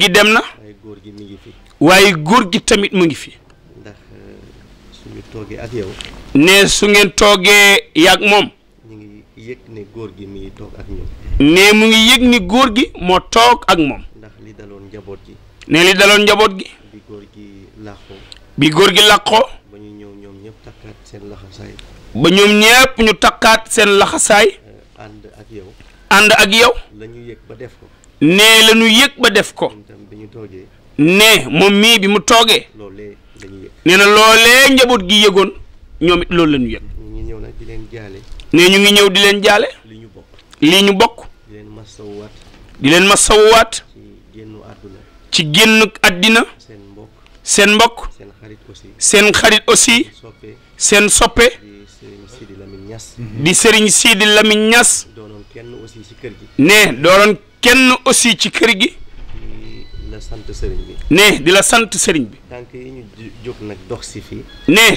gi dem na waaye góor gi tamit mu ngi fi ndax eh, suñu ak yow ne su ngeen toge yak mom ngi ne góor gi mi ngi toog ak ñoom ne mu ngi yëg ni góor gi mo tok ak mom ndax li dalon njaboot gi ne li dalon njabot gi bi góor gi làqoo bi góor gi làqoo ba ñu ñëw ñoom ñëpp takkaat seen laxasaay ba ñoom ñëpp ñu takkat seen laxasaay and eh, ak yow and ak yow lañu yek ba def ko ne lañu yek ba def ko ne moom mii bi mu toogee nee na loolee njaboot gi yëgoon ñoom it loolu la ñu yëg ne ñu ngi ñëw di leen jaale li ñu bokk di leen masawuwaat ci génn àddina seen mbokk seen xarit aussi seen soppe di sëriñ Sidi Lamine ñas mhm. ne doonoon kenn aussi ci kër gi sant sëriñ bi. ne di la sant sëriñ bi. tànk yi ñu jóg nag dox si fii.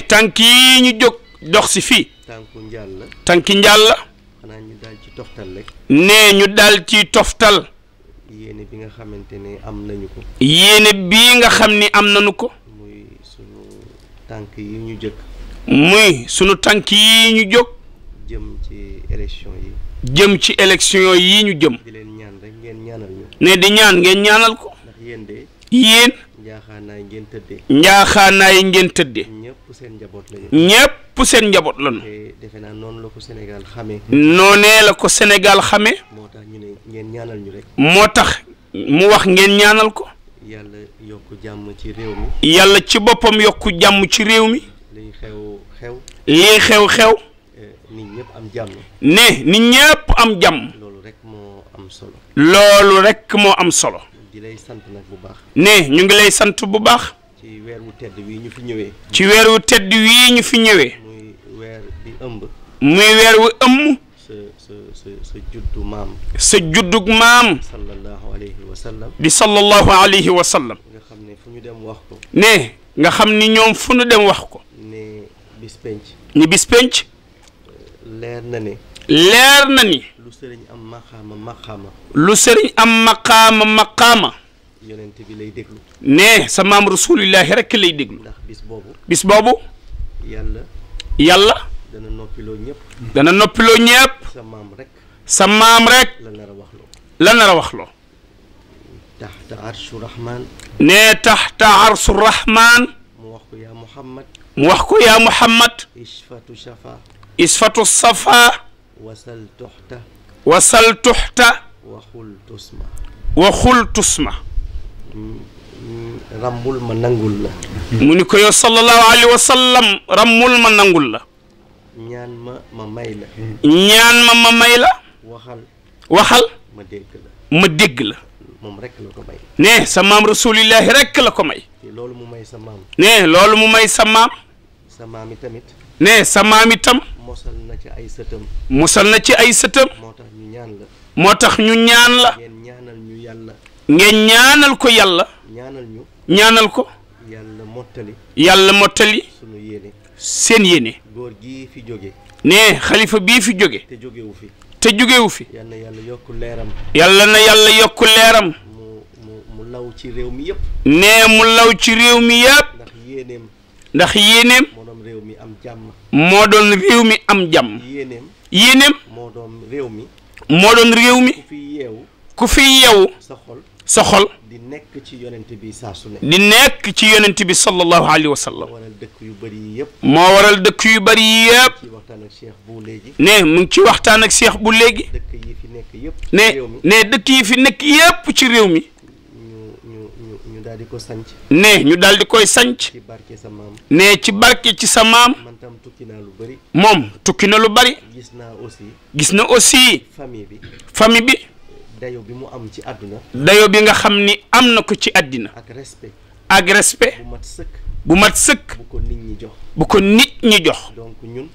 tànk yi ñu jóg dox fii. tànku njaal la. tànki njaal la. xanaa ñu daal ci toftal rek. ne ñu daal ci toftal. yéene bi nga xamante ne am nañu ko. yéene bii nga xam ni am nañu ko. muy sunu tànk yi ñu jóg. muy sunu tànk yi ñu jóg. jëm ci élection yi. jëm ci élection yi ñu jëm. di leen ne di ñaan ngeen ñaanal ko. yéen de. yéen. njaaxaanaay ngeen tëddee. njaaxaanaay ngeen tëddee. ñëpp seen njaboot lañu. ñëpp seen njaboot lañu. defe naa noonu la ko Sénégal noonee la ko Sénégal xamee. moo tax ñu ne ngeen ñaanal ñu rek. moo tax mu wax ngeen ñaanal ko. yàlla yokk jàmm ci réew mi. yàlla ci boppam yokk jàmm ci réew mi. liy xew xew. liy xew xew. Eh, nit ñëpp am jàmm. ne ni ñëpp am jàmm. loolu rekk moo am solo. loolu moo am solo. di sant nag bu baax. ne ñu ngi lay sant bu baax. ci weer wu tedd wii ñu fi ñëwee. ci weer wu tedd ñu fi ñëwee. muy weer bi ëmb. muy weer wu ëmb. sa sa sa sa juddu maam. sa juddug maam. wa sallam. di sallallahu alayhi wa sallam. nga xam ne fu ñu dem wax xam ni ñoom fu ñu dem wax ko. ne bis penc. ni bis leer na ni leer na ni. lu sëriñ am maqama maqama lu sëriñ am maqama maqama yonent bi lay déglu. nee sa mam rasulillahi rek lay déglu. ndax bis boobu. bis boobu. yàlla. yàlla. dana noppiloo ñëpp. dana noppiloo ñëpp. sa maam rek. sa maam rek. la nar a waxloo. la nar a waxloo. taxta arshu rahmaan. nee taxta arshu rahmaan. mu wax ko yaa Muhammad. mu wax ko yaa Muhammad. isfatu safa. isfatu safa. وسلتحت وخلت اسمع وخلت اسمع رمول منانغول منيكو يو صلى الله عليه وسلم رمول منانغول نيان ما ما مايلا نيان ما ما مايلا وخال وخال ما ديغلا ما ديغلا موم رك لاكو باي نيه سمام رسول الله رك لاكو ماي لول مو ماي سمام نيه لول مو ماي سمام سمامي تاميت نيه سمامي تاميت mosal na ci ay sëtam. mosal na ci ay sëtam. moo tax ñu ñaan la. moo tax ñu ñaan ngeen ñaanal ñu yàlla. ngeen ñaanal ko yàlla. ñaanal ñu. ñaanal ko. yàlla mottali. yàlla mottali. sunu yéene. seen yéene. góor gii jóge. nee xalifa bii fi jóge. te jógewu fi. te jógewu fi. yal yàlla yokk leeram. yàlla na yàlla yokk leeram. mu law ci réew mi yëpp. nee mu law ci réew mi yëpp. ndax yéeneem moo doon réew mi am jàmm moo doon réew mi am jàmm yéeneem yéeneem moo doon réew mi moo doon réew mi ku fi yeewu ku fi yeewu sa xol sa xol di nekk ci yonent bi saasu su ne di nekk ci yonent bi sallallahu alayhi wa sallam moo waral dëkk yu bëri yëpp moo waral dëkk yu bëri yëpp ne mu ngi ci waxtaan ak seex bu léegi yi fi nekk yëpp ne ne dëkk yi fi nekk yëpp ci réew mi daal ko sanc ne ñu daal di koy sanc ci barke sa maam ne ci barke ci sa maam man tukki naa lu bëri moom tukki na lu bari gis naa aussi gis na aussi famille bi famille bi dayo bi mu am ci àdduna dayo bi nga xam ni am na ko ci àddina ak respect ak respect bu mat sëkk bu mat sëkk ko nit ñi jox bu ko nit ñi jox donc ñun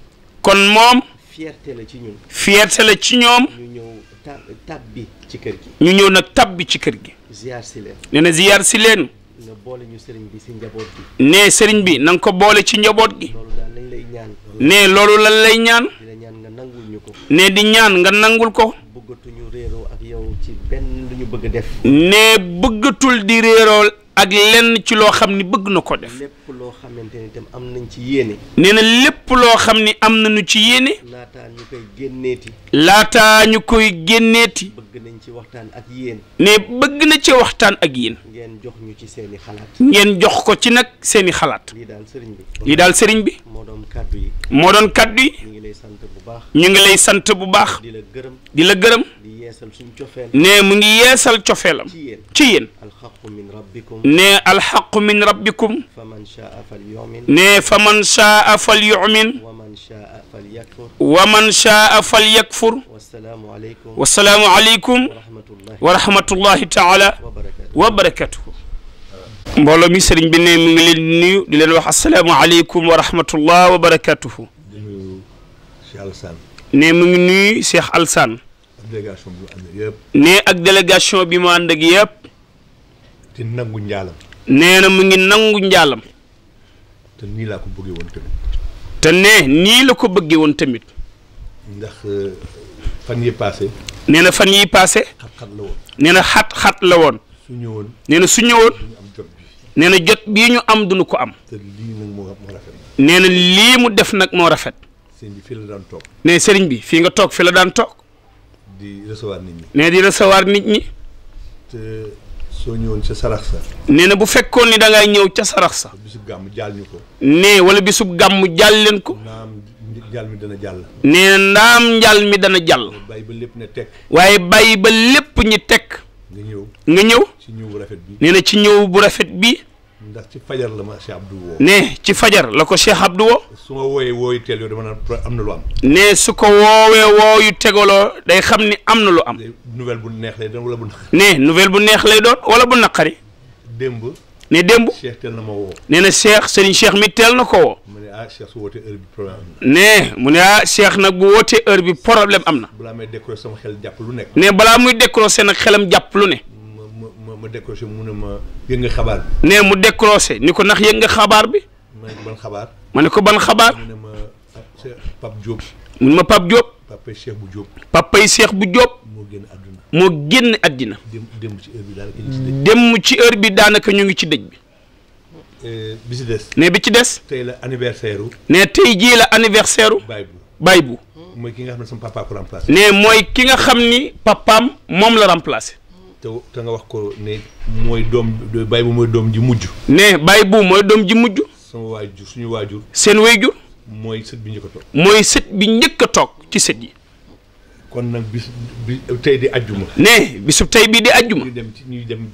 kon moom fierte la ci ñun fierté la ci ñoom ñu ñëw bi ci kër gi ñu ñëw nag tab bi ci kër gi ziar si leen. nee na ziar si leen. boole ñu sëriñ bi si njaboot gi. nee sëriñ bi na ko boole ci njaboot gi. loolu daal lañ lay ñaan. nee loolu lan lay ñaan. ñaan nga nangul ñu ko. nee di ñaan nga nangul ko. bëggatuñu réeroo ak yow ci benn lu ñu bëgg def. nee bëggatul di réeroo ak lenn ci loo xam ni bëgg na ko def. itam am nañ ci yéene. nee na lépp loo xam ni am nañu ci yéene. laataa ñu koy génneeti. laata ñu koy génneeti. bëgg nañ ci waxtaan ak yéen. ne bëgg na ci waxtaan ak yéen. ngeen jox ci seen i xalaat. ngeen jox ko ci nag seeni xalaat. lii daal sëriñ bi. lii daal sëriñ bi. moo doon kaddu yi. moo doon kaddu yi. ñu ngi lay sant bu baax. ñu ngi lay sant bu baax. di la gërëm. di la gërëm. di yeesal suñu ne mu ngi yeesal cofeelam. ci yéen ci yéen. ne alxaqu min rabbikum. ne fa man shaa fal yu'min wa man shaa fal yakfur wasalaamu aleykum wa rahmatullahi taala wa barakatuhu mbooloo mi sëriñ bi ne mu ngi leen di nuyu di leen wax asalaamu aleykum wa rahmatullah wa barakatuhu ne mu ngi nuyu Cheikh Alsane ne ak délégation bi mu ànd ak yëpp di nangu njaalam nee na mu ngi nangu njaalam. te nii laa ko bëggee woon tamit. te ne nii la ko bëggee woon tamit. ndax euh, fan yi paase. nee na fan yi paase. xat-xat la woon. nee xat-xat la woon. su ñëwoon nee na su ñëwoon. nee na jot bii ñu am duñu ko am. te lii nee na lii mu def nag moo rafet. sëriñ bi fii la toog. nee sëriñ bi fii nga toog fi la daan toog. di recevoir nit ñi. nee di recevoir nit ñi. soo ñëwoon ca sarax sa. nee na bu fekkoon ni da ñëw ca sarax sa. bisub gàmm jàll ko. nee wala bisub gàmm jàll leen ko. naam njàll mi dana jàll. nee naam njàll mi dana jàll. bàyyi ba lépp ne teg. waaye bàyyi ba lépp ñi teg. nga ñëw nga ñëw. ci ñëw bu rafet bi bu rafet bi. ndax ci fajar la ma Cheikh Abdou woo. ne ci fajar la ko Cheikh Abdou woo. su ma wooyee wooyu teel yow am na lu am. ne su ko woowee wooyu tegaloo day xam ni am na lu am. nouvelle bu neex lay doon wala bu naqari. ne nouvelle bu neex lay doon wala bu naqari. démb. ne démb. Cheikh teel na ma nee na Cheikh sëriñ Cheikh mi teel na ko woo. mu ne ah Cheikh su wootee ne mu ne ah Cheikh nag bu wootee heure bi problème am na. balaa may décrocher xel jàpp lu nekk. ne balaa muy décrocher nag xelam jàpp lu ne. ma décroché mu ne ma yëg nga xabaar bi. mu décroché ni ko ndax yëg nga xabaar bi. ma ne ko ban xabaar. ma ne ko ban xabaar. mu ne ma ah, Pape Diop. mu ne ma papay Cheikh bu Diop. papay Cheikh bu Diop. moo génn àdduna. moo génn àddina. dem dem ci heure bi daanaka ñu ngi ci dëj bi. heure eh, bi daanaka ñu ngi ci dëj bi. bi ci des. ne bi ci des. tey la anniversaire u. ne tey jii la anniversaire u. Baye bu Baye bu. mooy ki nga xam ne sama papa mooy ki nga xam ni papaam moom la remplacé. te nga wax ko ne mooy doom bay bu mooy doom ji mujj. nee bay bu mooy doom ji mujj. sama waajur suñu waajur. seen waajur. mooy sët bi njëkk a toog. mooy sët bi njëkk a toog ci sët yi. kon nag bis bi tey di ajjuma. ne bisu tey bii di ajjuma. ñuy dem ci ñuy dem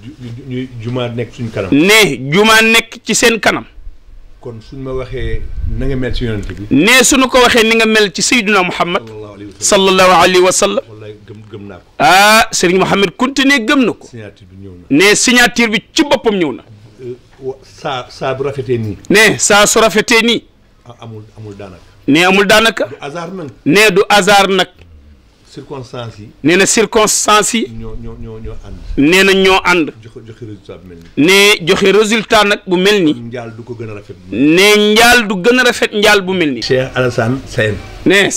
ñuy jumaa nekk suñu kanam. ne jumaa nekk ci seen kanam. kon suñ ma waxee na nga mel ci yonent bi. ne nu ko waxee ni nga mel ci sayyiduna Muhammad. sallallahu alayhi wa gëm naa ko ah Serigne Mohamed Kounté gëm na ko. signature bi ñëw na ne bi ci boppam ñëw na. Euh, saa saa bu rafetee nii. ne saa su rafetee nii. amul amul daanaka. ne amul daanaka. du hasard nag. du hasard nag. circonstances yi. nee na circonstances yi. ñoo ñoo ñoo ñoo ànd. nee na ñoo ànd. joxe joxe résultat bu nee joxe résultat nag bu mel nii. njaal du ko gën a rafet. nee njaal du gën rafet njaal bu mel nii. Cheikh Alassane Sène. nee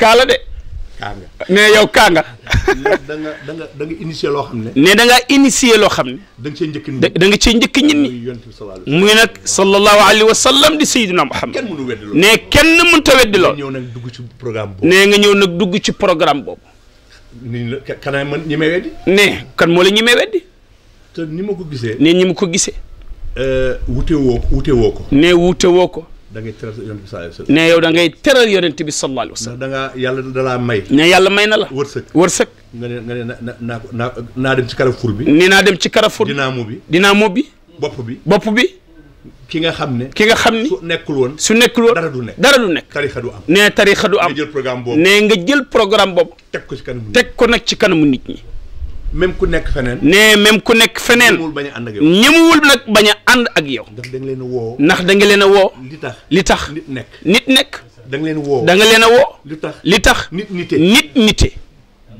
Cheikh de. ne yow kaa da nga da nga da nga loo xam ne. ne da ngaa loo xam ne. da nga cee njëkk nit da nga cee njëkk nit ñi. muy nag sallallahu alayhi wa sallam di sayyidina Muhammad. kenn mënu weddi loolu ne kenn mënut a weddi loolu. ñëw nag dugg ci programme boobu. ne nga ñëw nag dugg ci programme boobu. ni la man ñi ne kan moo la ñi weddi. te ni ma ko gisee. ne ñi ma ko gisee. Euh, wute woo wute woo ko. ne wute woo ko. da ngay teral yonent bi sallallahu alayhi wa sallam. ne yow da ngay teral yonent bi sallallahu alayhi wa sallam. da ngaa yàlla da laa may. ne yàlla may na la. wërsëg wërsëg. nga ne nga ne na naa naa naa dem ci Carrefour bi. nee naa dem ci Carrefour bi dinaa mu bi. dinaa mu bi. bopp bi bopp bi. ki nga xam ne. ki nga xam ni su nekkul woon. su nekkul woon dara du nekk dara du nekk. tarixa du am nee tarixa du am. nga jël programme boobu nee nga jël programme boobu. teg ko ci kanamu nit teg ko nag ci kanamu nit ñi. même ku nekk feneen. ne même ku nekk feneen. ñemewul bañ ànd ak yow nag bañ ànd ak yow. ndax da leen a woo. ndax da leen a woo. li li tax nit nit nekk. da leen woo. da nga leen a woo. li tax li tax. nit nite nit nite.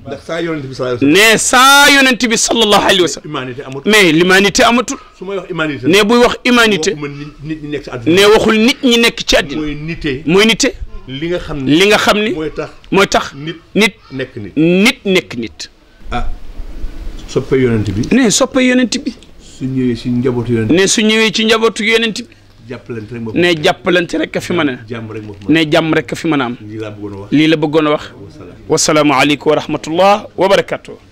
ndax saa yonent bi sallallahu alayhi wa sallam. ne saa yonent bi sallallahu alayhi wa sallam. humanité amatul mais l'humanité amatul. su may wax humanité. ne buy wax humanité. waxuma nit nekk ne waxul nit ñi nekk ci àddina. mooy nite. mooy nite. li nga xam ni li nga xam ni. mooy tax mooy tax. nit nit nekk nit. nit nekk nit. Ah soppe yonent bi. ne soppe yonent bi. su ñëwee ci njabootu yonent bi. ne su ci njabootu yonent bi. jàppalante rek ne jàppalante rek ka fi mën a. jàmm rek ne jàmm rek ka mën a am. lii la bëggoon a wax lii la bëggoon a wax. wasalaamualeykum wa rahmatullah